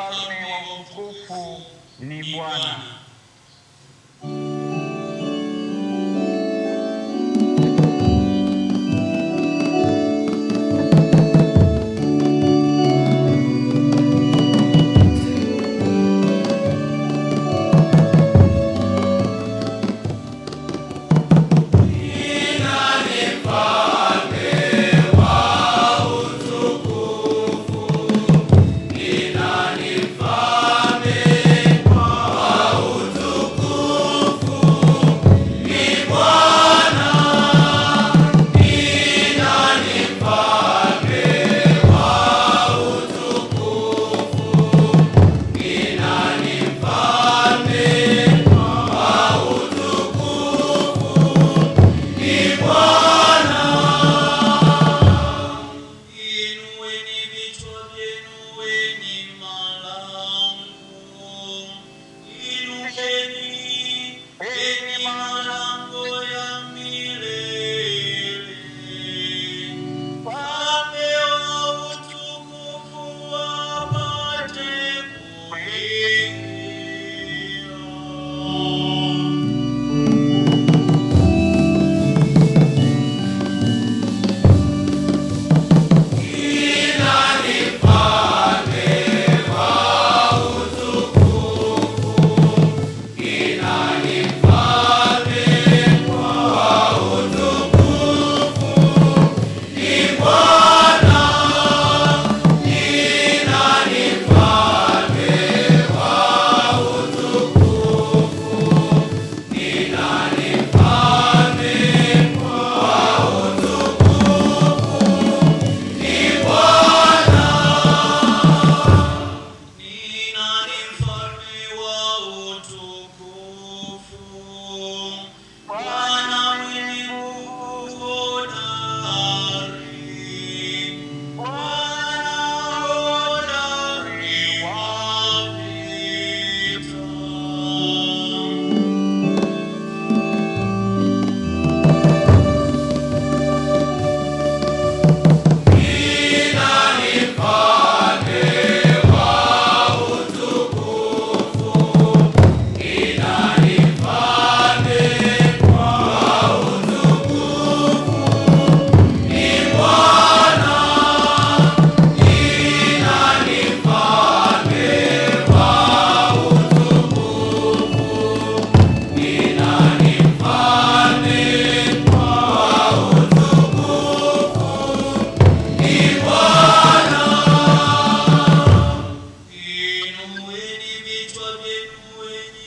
Mfalme wa utukufu ni Bwana. 你转变，为你。